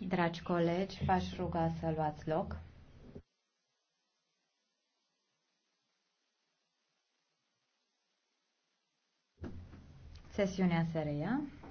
Dragi colegi, v-aș ruga să luați loc. Sesiunea se reia.